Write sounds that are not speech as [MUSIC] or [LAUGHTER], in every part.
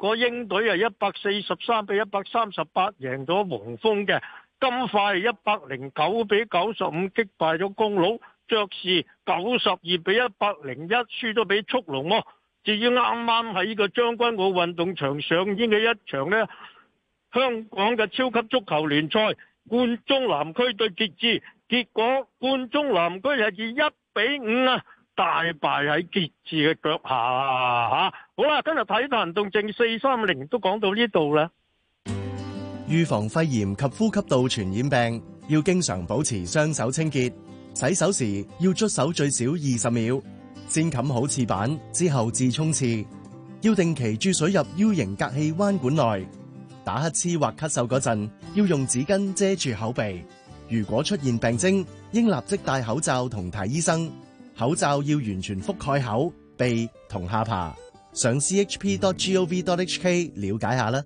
個英隊係，一百四十三比一百三十八贏咗黃蜂嘅，金塊一百零九比九十五擊敗咗公鹿，爵士九十二比一百零一輸咗俾速龍。至於啱啱喺呢個將軍澳運動場上演嘅一場呢，香港嘅超級足球聯賽冠忠南區對傑志，結果冠忠南區係以一比五啊！大敗喺傑志嘅腳下嚇！好啦，今日體壇動靜四三零都講到呢度啦。預防肺炎及呼吸道傳染病，要經常保持雙手清潔。洗手時要捽手最少二十秒，先冚好廁板，之後至沖廁。要定期注水入 U 型隔氣彎管內。打乞嗤或咳嗽嗰陣，要用紙巾遮住口鼻。如果出現病徵，應立即戴口罩同睇醫生。口罩要完全覆蓋口、鼻同下巴，上 chp.gov.hk 了解下啦。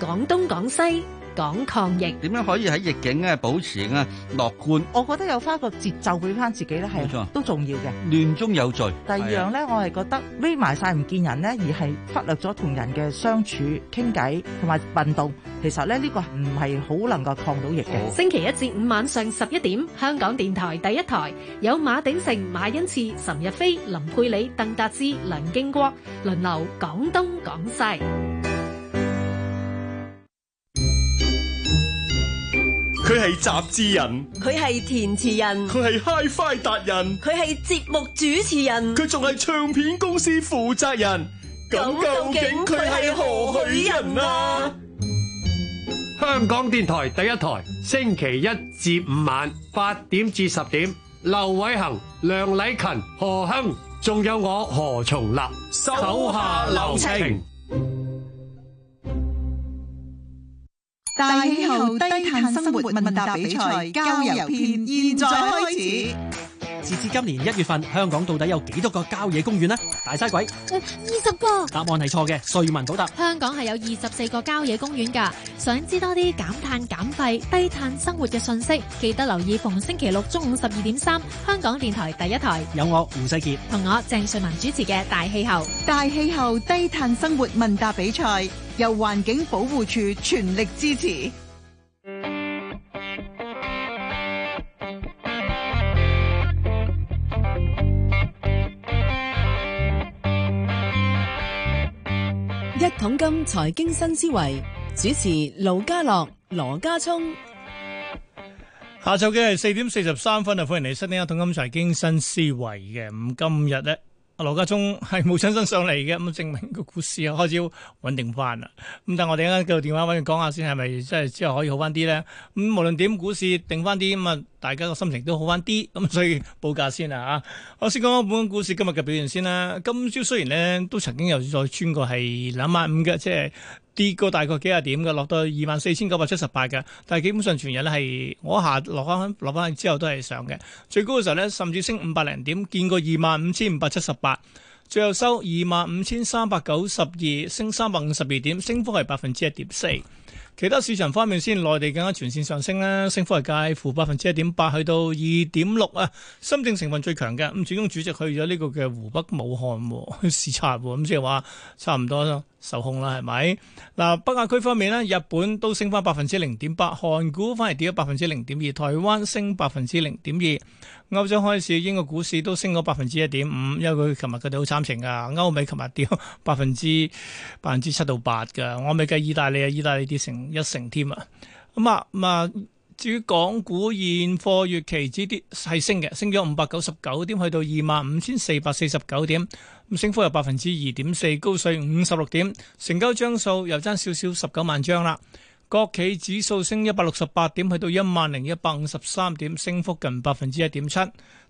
廣東廣西。講抗疫點樣可以喺逆境咧保持咧樂觀？我覺得有返個節奏，俾翻自己咧，係，都重要嘅。亂中有序。第二樣咧，我係覺得匿埋晒唔見人咧，而係忽略咗同人嘅相處、傾偈同埋運動。其實咧呢個唔係好能夠抗到疫嘅。星期一至五晚上十一點，香港電台第一台有馬鼎盛、馬恩賜、岑逸飛、林沛理、鄧達智、梁京國輪流講東講西。佢係雜誌人，佢係填詞人，佢係 Hi-Fi 達人，佢係節目主持人，佢仲係唱片公司負責人。咁究竟佢係何許人啊？香港電台第一台，星期一至五晚八點至十點，劉偉恒、梁禮勤、何亨，仲有我何重立，手下留情。大氣候低碳生活問答比賽郊遊篇，現在開始。截至今年一月份，香港到底有幾多個郊野公園呢？大西鬼，呃、二十個。答案係錯嘅。瑞文補答，香港係有二十四個郊野公園噶。想知多啲減碳減廢、低碳生活嘅信息，記得留意逢星期六中午十二點三，香港電台第一台。有我胡世杰同我鄭瑞文主持嘅大氣候、大氣候低碳生活問答比賽，由環境保護署全力支持。金財經新思維主持盧家樂、羅家聰，下晝嘅係四點四十三分啊！歡迎你嚟聽一桶金財經新思維嘅，咁今日咧。羅家聰係冇親身上嚟嘅。咁證明個股市又開始穩定翻啦。咁但係我哋而家叫電話搵佢講下先，係咪真係即係可以好翻啲咧？咁無論點，股市定翻啲，咁啊大家個心情都好翻啲。咁所以報價先啦吓。我先講講本股市今日嘅表現先啦。今朝雖然咧都曾經又再穿過係兩萬五嘅，即係。跌過大概幾廿點嘅，落到二萬四千九百七十八嘅，但係基本上全日咧係我下落翻去，落翻去之後都係上嘅。最高嘅時候咧，甚至升五百零點，見過二萬五千五百七十八，最後收二萬五千三百九十二，升三百五十二點，升幅係百分之一點四。其他市場方面先，內地更加全線上升啦，升幅係介乎百分之一點八，去到二點六啊。深圳成分最強嘅。咁中央主席去咗呢個嘅湖北武漢視、啊、察，咁、啊、即係話差唔多咯，受控啦，係咪？嗱、啊，北亞區方面呢，日本都升翻百分之零點八，韓股反而跌咗百分之零點二，台灣升百分之零點二。歐洲開始。英國股市都升咗百分之一點五，因為佢琴日佢哋好慘情噶，歐美琴日跌百分之百分之七到八噶，我未計意大利啊，意大利啲成一成添啊！咁啊啊，至於港股現貨月期指跌係升嘅，升咗五百九十九點，去到二萬五千四百四十九點。咁升幅有百分之二點四，高水五十六點，成交張數又爭少少十九萬張啦。國企指數升一百六十八點，去到一萬零一百五十三點，升幅近百分之一點七。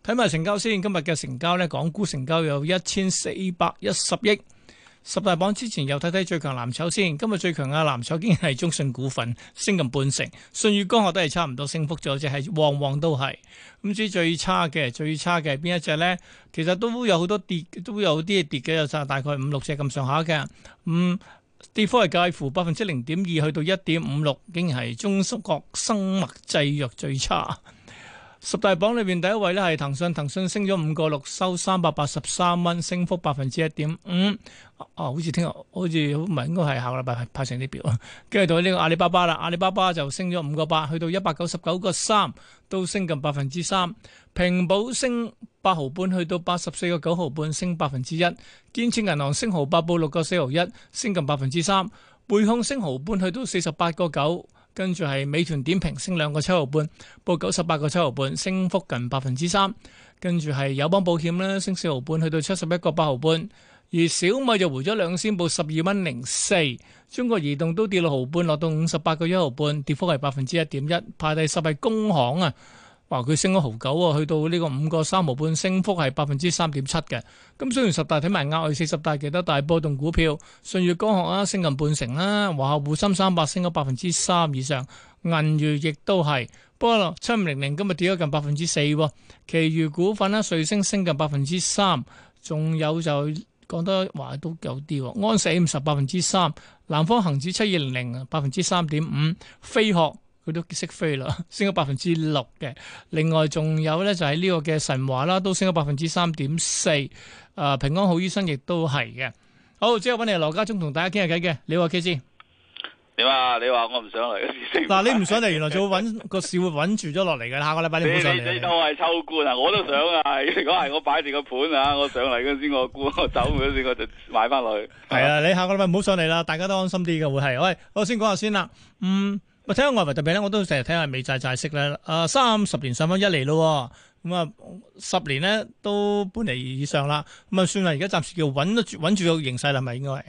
睇埋成交先，今日嘅成交呢，港股成交有一千四百一十億。十大榜之前又睇睇最強藍籌先，今日最強嘅藍籌竟然係中信股份升近半成，舜宇光學都係差唔多升幅，咗，只係往往都係。咁至於最差嘅最差嘅係邊一隻咧？其實都有好多跌，都有啲跌嘅，有晒大概五六隻咁上下嘅。咁、嗯、跌幅係介乎百分之零點二去到一點五六，竟然係中蘇國生物製藥最差。十大榜裏面第一位呢，係騰訊，騰訊升咗五個六，收三百八十三蚊，升幅百分之一點五。啊，好似聽日，好似唔係應該係下個禮拜派成啲表。啊。跟住到呢個阿里巴巴啦，阿里巴巴就升咗五個八，去到一百九十九個三，都升近百分之三。平保升八毫半，去到八十四個九毫半，升百分之一。建設銀行升毫八，報六個四毫一，升近百分之三。匯控升毫半，去到四十八個九。跟住係美團點評升兩個七毫半，報九十八個七毫半，升幅近百分之三。跟住係友邦保險咧，升四毫半，去到七十一個八毫半。而小米就回咗兩仙，報十二蚊零四。中國移動都跌六毫半，落到五十八個一毫半，跌幅係百分之一點一。排第十係工行啊。哇！佢升咗好久啊，去到呢個五個三毫半，升幅係百分之三點七嘅。咁雖然十大睇埋壓，四十大記得大波動股票，舜宇光學啦，升近半成啦。華夏滬深三百升咗百分之三以上，銀月亦都係。不過七五零零今日跌咗近百分之四。其餘股份啦，瑞星升近百分之三，仲有就講得話都有啲。安碩 A 五十百分之三，南方恒指七二零零百分之三點五，飛鶴。佢都識飛啦，升咗百分之六嘅。另外仲有咧，就喺呢個嘅神華啦，都升咗百分之三點四。誒，平安好醫生亦都係嘅。好，之後揾你羅家忠同大家傾下偈嘅。你話佢先點啊？你話我唔上嚟嘅時，嗱你唔上嚟，原來就揾個事揾住咗落嚟嘅啦。下個禮拜你唔上嚟。你你當係秋官啊？我都想啊！如果係我擺住個盤啊，我上嚟嗰時，我沽，我走嗰時，我就買翻落去。係啊，你下個禮拜唔好上嚟啦，大家都安心啲嘅會係。喂，我先講下先啦。嗯。喂，睇下外圍特別咧，我都成日睇下美債債息咧。啊，三十年上翻一釐咯，咁啊，十年咧都半釐以上啦。咁啊，算啦，而家暫時叫穩得住，穩住個形勢啦，咪應該係。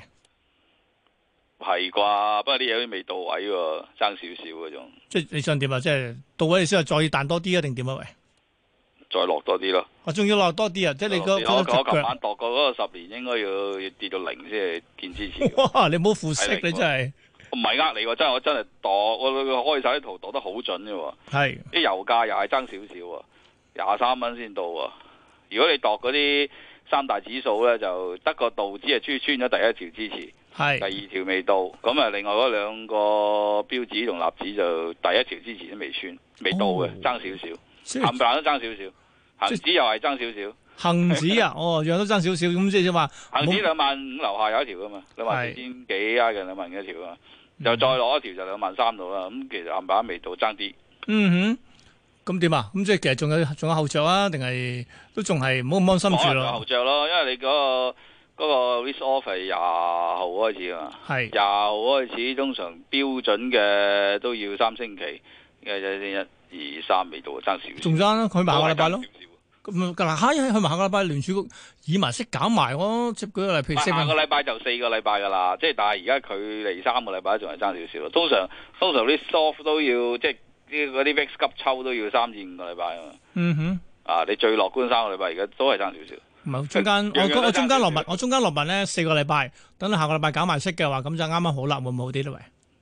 係啩？不過啲嘢都未到位喎，爭少少嘅仲。即係你想點啊？即係到位先，再彈多啲啊？定點啊？喂，再落多啲咯。啊，仲要落多啲啊？即係你個嗰個腳板跺過嗰個十年，應該要跌到零先係見之前。哇！你冇負息，你真係～唔係呃你喎、啊，真係我真係度，我開晒啲圖度，度，度，度得好準嘅喎、啊。啲是油價又係爭少少，廿三蚊先到喎、啊。如果你度嗰啲三大指數咧，就得個道指係穿穿咗第一條支持，係是第二條未到。咁啊，另外嗰兩個標指同納指就第一條支持都未穿，未到嘅，爭少少。恆生都爭少少，恆指又係爭少少。恆指啊， [LAUGHS] 哦，樣都爭少少咁即係點啊？恆指兩萬五樓下有一條噶嘛，是兩萬四千幾啊嘅兩萬嘅一條啊。又再攞一條就兩萬三度啦，咁其實銀碼未到，爭啲。嗯哼，咁、嗯、點啊？咁即係其實仲有仲有後著啊？定係都仲係唔好咁安心住、啊、咯。後著咯，因為你嗰、嗰個嗰 risk offer 廿號開始啊。係廿號開始，通常標準嘅都要三星期，1, 2, 一、二、三未到爭少仲爭啊！佢買下個禮拜咯。咁嗱、啊，下一個禮拜聯儲局以埋息減埋咯，即係舉個例譬如下個禮拜就四個禮拜噶啦，即係但係而家佢離三個禮拜仲係爭少少咯。通常通常啲 soft 都要即係啲啲 vex 急抽都要三至五個禮拜啊嘛。嗯哼，啊你最樂觀三個禮拜而家都係爭少少。唔係中間，每我我中間落墨，我中間落墨咧四個禮拜，等到下個禮拜減埋息嘅話，咁就啱啱好啦，會唔會好啲咧？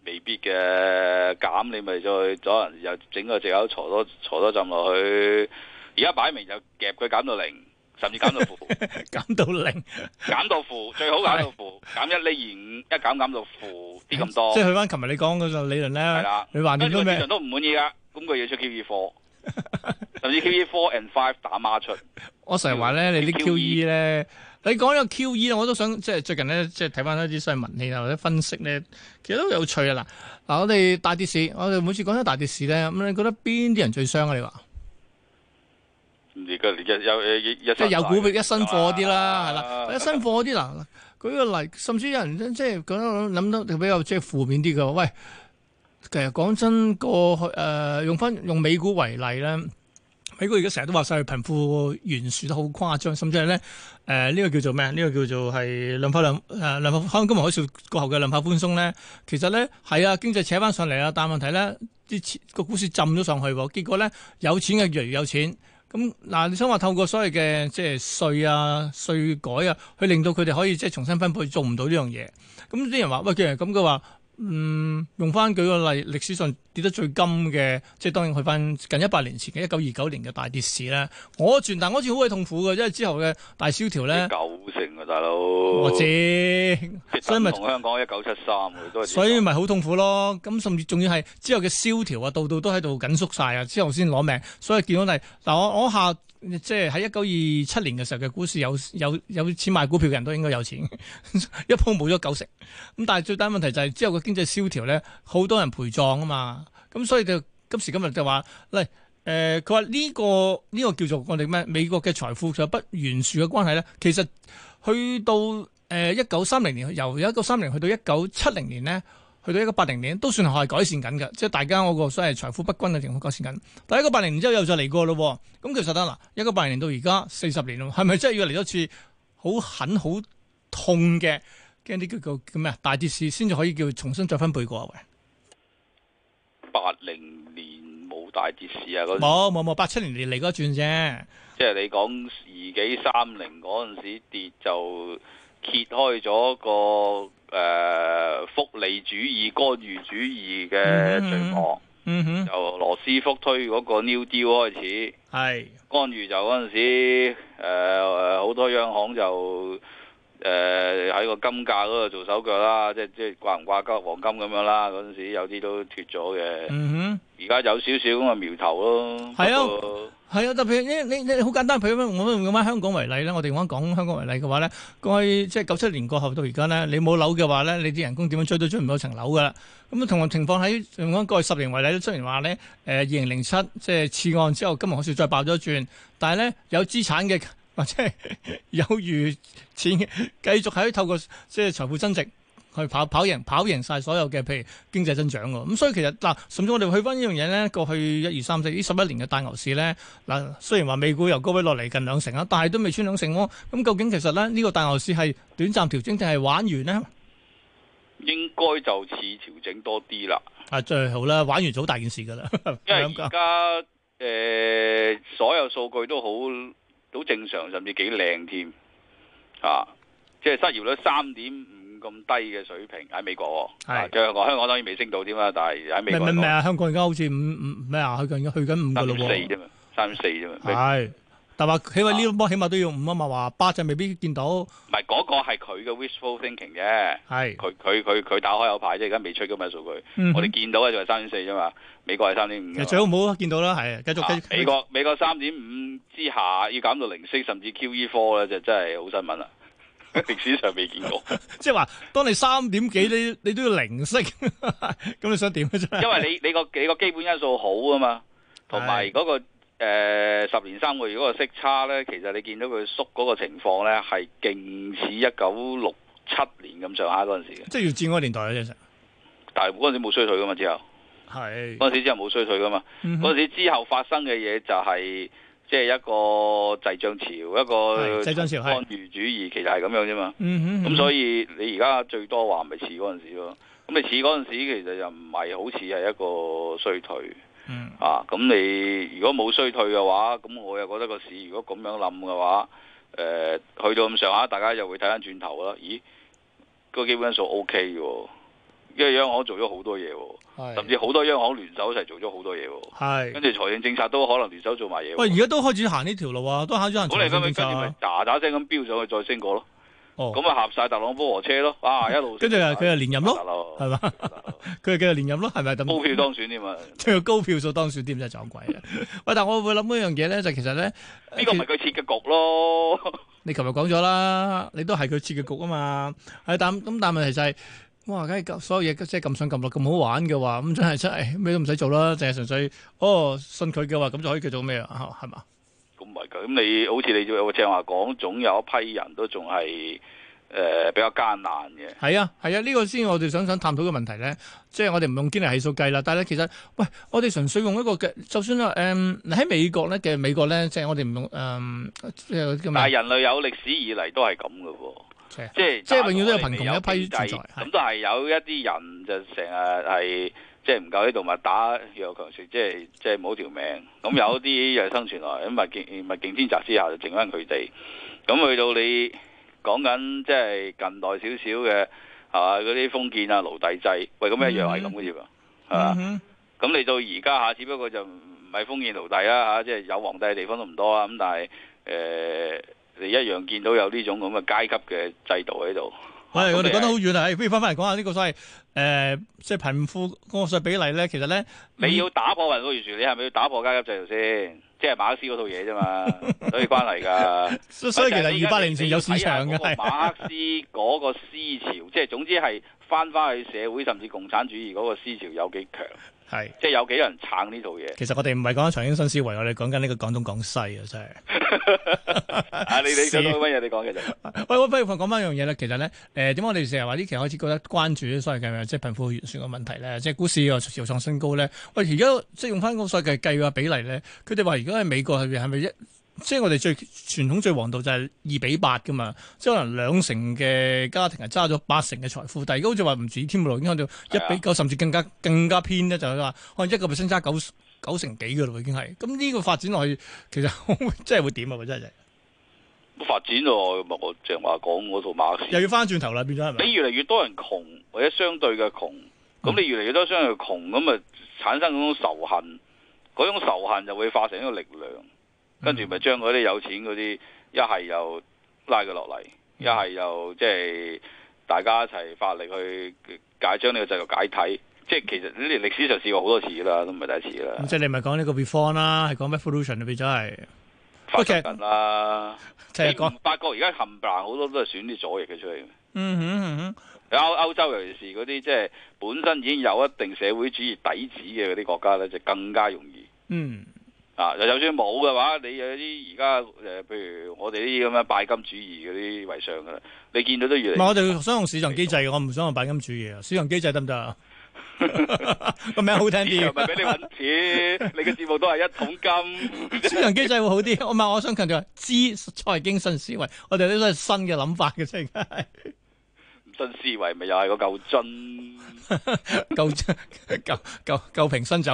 未必嘅，減你咪再可能又整個借口坐多坐多浸落去。而家擺明就夾佢減到零，甚至減到負， [LAUGHS] 減到零，減到負，最好減到負，是的 減到負減一、厘二、五，一減減到負啲咁多。即係去翻琴日你講嗰個理論咧，你話啲咩？跟住都唔滿意啦，咁佢要出 QE four，甚至 QE four and five 打孖出。我成日話咧，你啲 QE 咧，你講呢個 QE 咧，我都想即係最近咧，即係睇翻一啲相關文氣啊或者分析咧，其實都有趣啊嗱。嗱我哋大跌市，我哋每次講咗大跌市咧，咁你覺得邊啲人最傷啊？你話？有有誒一即係有股票一新貨啲啦，係哇啦，一新貨啲嗱，舉個例，甚至有人即係講諗到比較即係負面啲嘅。喂，其實講真，個、呃、誒用翻用美股為例咧，美股而家成日都話晒佢貧富懸殊得好誇張，甚至係咧誒呢、呃這個叫做咩？呢、這個叫做係量化量誒量化金融海嘯過後嘅量化寬鬆咧，其實咧係啊經濟扯翻上嚟啊，但問題咧啲個股市浸咗上去，結果咧有錢嘅越嚟越有錢。有錢有錢有錢咁嗱、嗯，你想話透過所謂嘅即係稅啊、稅改啊，去令到佢哋可以即係重新分配，做唔到呢樣嘢？咁、嗯、啲人話喂，既然咁嘅話。嗯，用翻舉個例，歷史上跌得最甘嘅，即係當然去翻近一百年前嘅一九二九年嘅大跌市咧。我轉，但係我似好鬼痛苦嘅，因為之後嘅大蕭條咧。九成啊，大佬！我知，所以咪同香港一九七三，所以咪好以痛苦咯，咁甚至仲要係之後嘅蕭條啊，到度都喺度緊縮晒啊，之後先攞命。所以見到你，但我我下。即係喺一九二七年嘅時候嘅股市有有有錢買股票嘅人都應該有錢， [LAUGHS] 一鋪冇咗九成。咁但係最大問題就係之後個經濟蕭條咧，好多人陪葬啊嘛。咁所以就今時今日就話，喂、哎，誒、呃，佢話呢個呢、這個叫做我哋咩？美國嘅財富就不懸殊嘅關係咧，其實去到誒一九三零年，由一九三零年去到一九七零年咧。去到一九八零年都算係改善緊嘅，即係大家嗰個所謂財富不均嘅情況改善緊。但係一九八零年之後又再嚟過咯，咁其實得嗱，一九八零年到而家四十年咯，係咪真係要嚟多次好狠好痛嘅驚啲叫叫咩啊大跌市先至可以叫重新再分配過啊？八零年冇大跌市啊，嗰時冇冇冇，八七年年嚟嗰轉啫，即係你講二幾三零嗰陣時跌就。揭開咗個誒、呃、福利主義、干預主義嘅序幕，mm hmm. mm hmm. 由羅斯福推嗰個 New Deal 開始，係是干預，就嗰陣時誒誒好多央行就。誒喺個金價嗰度做手腳啦，即係即係掛唔掛鈎黃金咁樣啦。嗰陣時有啲都脫咗嘅，而家有少少咁嘅苗頭咯。係啊，係啊，特別你你你好簡單，譬如我我用翻香港為例啦，我哋用翻講香港為例嘅話咧，過去即係九七年過後到而家咧，你冇樓嘅話咧，你啲人工點樣追都追唔到層樓㗎啦。咁啊，同埋情況喺用翻過去十年為例咧，雖然話咧誒二零零七即係次按之後，金融海嘯再爆咗轉，但係咧有資產嘅。或者 [LAUGHS] 有餘錢繼續喺透過即係財富增值去跑跑贏跑贏曬所有嘅譬如經濟增長咁、嗯、所以其實嗱、啊，甚至我哋去翻呢樣嘢咧，過去一、二、三、四呢十一年嘅大牛市咧，嗱、啊、雖然話美股由高位落嚟近兩成啦，但係都未穿兩成咯、哦。咁、嗯、究竟其實咧呢、呢個大牛市係短暫調整定係玩完呢？應該就似調整多啲啦。啊，最好啦，玩完早大件事噶啦， [LAUGHS] 因為而家誒所有數據都好。好正常，甚至幾靚添嚇，即係失業率三點五咁低嘅水平喺美國，即係我香港當然未升到添啊，但係喺美國。唔係唔係啊，香港而家好似五五咩啊？佢而家去緊五個六四啫嘛，三點四啫嘛。係。但話起碼呢一波起碼都要五啊嘛，話八隻未必見到。唔係嗰個係佢嘅 wishful thinking 嘅，係佢佢佢佢打開有牌啫，而家未出咁嘅數據。嗯、哼我哋見到嘅就係三點四啫嘛，美國係三點五。其實最好唔好見到啦，係繼續繼、啊、美國美國三點五之下要減到零息，甚至 QE four 咧，就真係好新聞啦，歷史上未見過。 [LAUGHS] 即係話，當你三點幾，你 [LAUGHS] 你都要零息，咁 [LAUGHS] 你想點？因為你你個你個基本因素好啊嘛，同埋嗰個。的的誒、呃、十年三個月嗰個息差咧，其實你見到佢縮嗰個情況咧，係勁似一九六七年咁上下嗰陣時嘅。即係越戰嗰年代啊，即係。但係嗰陣時冇衰退噶嘛之後，係嗰陣時之後冇衰退噶嘛。嗰陣、mm hmm. 時之後發生嘅嘢就係即係一個滯脹潮，一個干預主義，其實係咁樣啫嘛。嗯咁、mm hmm. 所以你而家最多話咪似嗰陣時咯。咁你似嗰陣時，其實又唔係好似係一個衰退，嗯啊，咁你如果冇衰退嘅話，咁我又覺得個市如果咁樣冧嘅話，誒、呃、去到咁上下，大家就會睇翻轉頭啦。咦，個基本數 O K 嘅，因為央行做咗好多嘢，是甚至好多央行聯手一齊做咗好多嘢，係是跟住財政政策都可能聯手做埋嘢。喂，而家都開始行呢條路啊，都揀咗人嚟跟住，喳喳聲咁飆上去，再升過咯、啊。哦，咁啊合晒特朗普和車咯，啊一路，跟住佢又連任咯，係嘛？佢又佢又連任咯，係咪咁？高票當選添啊，即係高票數當選添真係撞鬼啦。喂，但我會諗一樣嘢咧，就其實咧，呢個咪佢設嘅局咯。你琴日講咗啦，你都係佢設嘅局啊嘛。係但咁，但係問題就係，哇，梗係所有嘢即係撳上撳落咁好玩嘅話，咁真係真係咩都唔使做啦，淨係純粹哦信佢嘅話，咁就可以叫做咩啊？係嘛？咁唔係㗎，咁你好似你有個正話講，總有一批人都仲係誒比較艱難嘅。係啊，係啊，呢、這個先我哋想想探討嘅問題咧，即、就、係、是、我哋唔用基尼係數計啦，但係咧其實，喂，我哋純粹用一個嘅，就算誒喺、嗯、美國咧嘅美國咧，即、就、係、是、我哋唔用誒，即係叫但係人類有歷史以嚟都係咁嘅喎，啊、即係即係永遠都有貧窮一批存在，咁都係有一啲人就成日係。即係唔夠啲動物打弱肉強食，即係即係冇條命。咁有啲又生存落，咁物競物競天擇之下就剩翻佢哋。咁去到你講緊即係近代少少嘅嚇嗰啲封建啊奴隸制，喂咁一樣係咁嘅嘢喎，係嘛、mm？咁、hmm. 啊、你到而家嚇，只不過就唔係封建奴隸啦、啊、嚇、啊，即係有皇帝嘅地方都唔多啊。咁但係誒、呃，你一樣見到有呢種咁嘅階級嘅制度喺度。喂，我哋講得好遠啦，啊哎、不如翻返嚟講下呢個所謂誒，即、呃、係、就是、貧富個稅比例咧，其實咧，嗯、你是是要打破貧富懸殊，你係咪要打破階級制度先？即、就、係、是、馬克思嗰套嘢啫嘛，所以關嚟㗎。所以，所以其實二八零時有市場㗎。看看馬克思嗰個思潮，即係、就是、總之係翻返去社會，甚至共產主義嗰個思潮有幾強？係，是即係有幾人撐呢套嘢？其實我哋唔係講緊長英新思維，我哋講緊呢個廣東廣西啊，真係。啊 [LAUGHS] [LAUGHS] 是，你你想講乜嘢？你講嘅就，喂，不如我講翻一樣嘢啦。其實咧，誒，點解我哋成日話呢期開始覺得關注啲所謂嘅即係貧富懸殊嘅問題咧？即係股市又朝創新高咧。喂，而家即係用翻個所謂嘅計個比例咧，佢哋話而家喺美國入邊係咪一？即係我哋最傳統最黃道就係二比八㗎嘛，即係可能兩成嘅家庭係揸咗八成嘅財富，但係而家好似話唔止添喎，已經響到一比九的，甚至更加更加偏咧，就係話可能一個巴仙揸九九成幾㗎喇，已經係咁呢個發展落去，其實 [LAUGHS] 真係會點啊？真係發展喎，咁啊，我正話講，我套馬又要翻轉頭啦，變咗係咪？你越嚟越多人窮或者相對嘅窮，咁、嗯、你越嚟越多相對窮，咁啊產生嗰種仇恨，嗰種仇恨就會化成一個力量。跟住咪將嗰啲有錢嗰啲，一係又拉佢落嚟，一係、嗯、又即係大家一齊發力去解將呢個制度解體。即係其實呢啲歷史上試過好多次啦，都唔係第一次啦。即係你咪講呢個 reform 啦，係講咩 revolution 變咗係發掘緊啦。你唔發覺而家冚唪唥好多都係選啲左翼嘅出嚟？嗯哼嗯哼。歐歐洲尤其是嗰啲即係本身已經有一定社會主義底子嘅嗰啲國家咧，就更加容易。嗯。啊！又有算冇嘅話，你有啲而家誒，譬如我哋啲咁嘅拜金主義嗰啲為上嘅，你見到都越嚟。唔係我哋想用市場機制，我唔想用拜金主義啊！市場機制得唔得啊？個 [LAUGHS] [LAUGHS] 名好聽啲，唔係俾你搵錢， [LAUGHS] 你嘅節目都係一桶金。 [LAUGHS] 市場機制會好啲。我唔係我想強調，知財經新思維，我哋呢都係新嘅諗法嘅啫。新思維咪又係個舊樽，舊舊舊舊瓶新酒，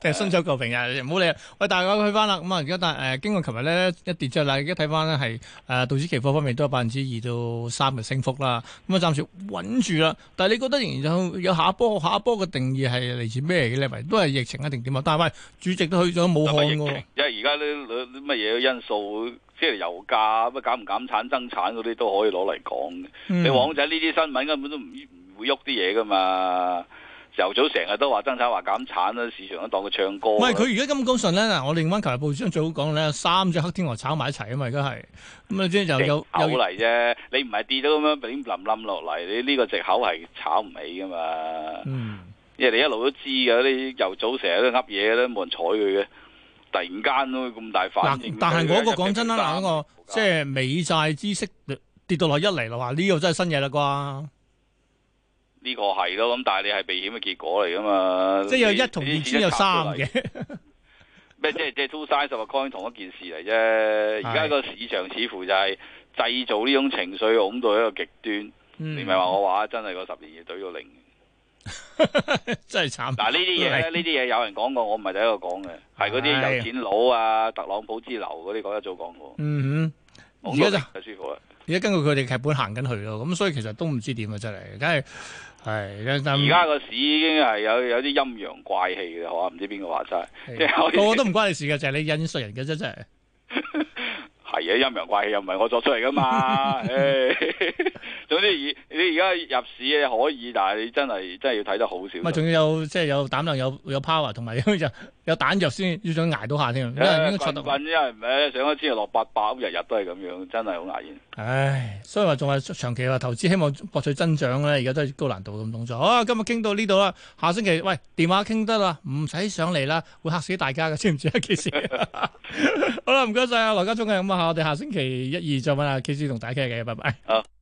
定係新酒舊瓶啊！唔好理。喂，大家去翻啦。咁啊，而家但誒，經過琴日咧一跌之後啦，而家睇翻咧係誒道指期貨方面都有百分之二到三嘅升幅啦。咁啊暫時穩住啦。但係你覺得仍然有有下一波，下一波嘅定義係嚟自咩嘅咧？咪都係疫情一定點啊？但係主席都去咗武漢喎。因為而家咧，乜嘢嘅因素？即係油價，乜減唔減產、增產嗰啲都可以攞嚟講。嗯、你往仔呢啲新聞根本都唔唔會喐啲嘢噶嘛？油早成日都話增產、話減產啦，市場都當佢唱歌。唔係佢而家咁高順咧嗱，我另外噚日報紙最好講咧，三隻黑天鵝炒埋一齊啊嘛，嗯就是、而家係咁啊，即係又有嚟啫。你唔係跌咗咁樣俾冧冧落嚟，你、這、呢個藉口係炒唔起噶嘛？嗯，因為你一路都知噶，你油早成日都噏嘢都冇人睬佢嘅。突然間咯，咁大反應但係我個講真啦、嗰個，嗱，嗰個即係美債孳息跌到落一釐啦，哇！呢個真係新嘢啦啩？呢個係咯，咁但係你係避險嘅結果嚟噶嘛？即係有一同二先有三嘅。咩？ [LAUGHS] 即係即係 two sides of a coin 同一件事嚟啫。而家個市場似乎就係製造呢種情緒，推到一個極端。嗯、你咪係話我話真係個十年期對個零。 [LAUGHS] 真係慘嗱！呢啲嘢咧，呢啲嘢有人講過，我唔係第一個講嘅，係嗰啲有錢佬啊、特朗普之流嗰啲講得早講過。嗯,嗯，哼，而家就太舒服啦。而家根據佢哋劇本行緊去咯，咁所以其實都唔知點啊！真係，梗係係而家個市已經係有有啲陰陽怪氣嘅，好啊？唔知邊個話真係，即係我都唔關你事嘅，就係你引述人嘅啫，真係。 [LAUGHS] 係啊，陰陽怪氣又唔係我作出嚟噶嘛。唉、 [LAUGHS] 哎，總之，你你而家入市嘅可以，但係你真係真係要睇得好少。唔咪仲要有即係、就是、有膽量、有有 power，同埋咁就。有蛋藥先，要想捱到下添。一係困一係唔係上咗天又落八百，日日都係咁樣，真係好危險。唉，所以話仲係長期話投資，希望博取增長咧，而家都係高難度咁動作。好啦，今日傾到呢度啦，下星期喂電話傾得啦，唔使上嚟啦，會嚇死大家嘅，知唔知啊？K C，好啦，唔該晒啊，羅家聰嘅咁啊，我哋下星期一二再問啊，K C 同大家傾下偈，拜拜。 [LAUGHS]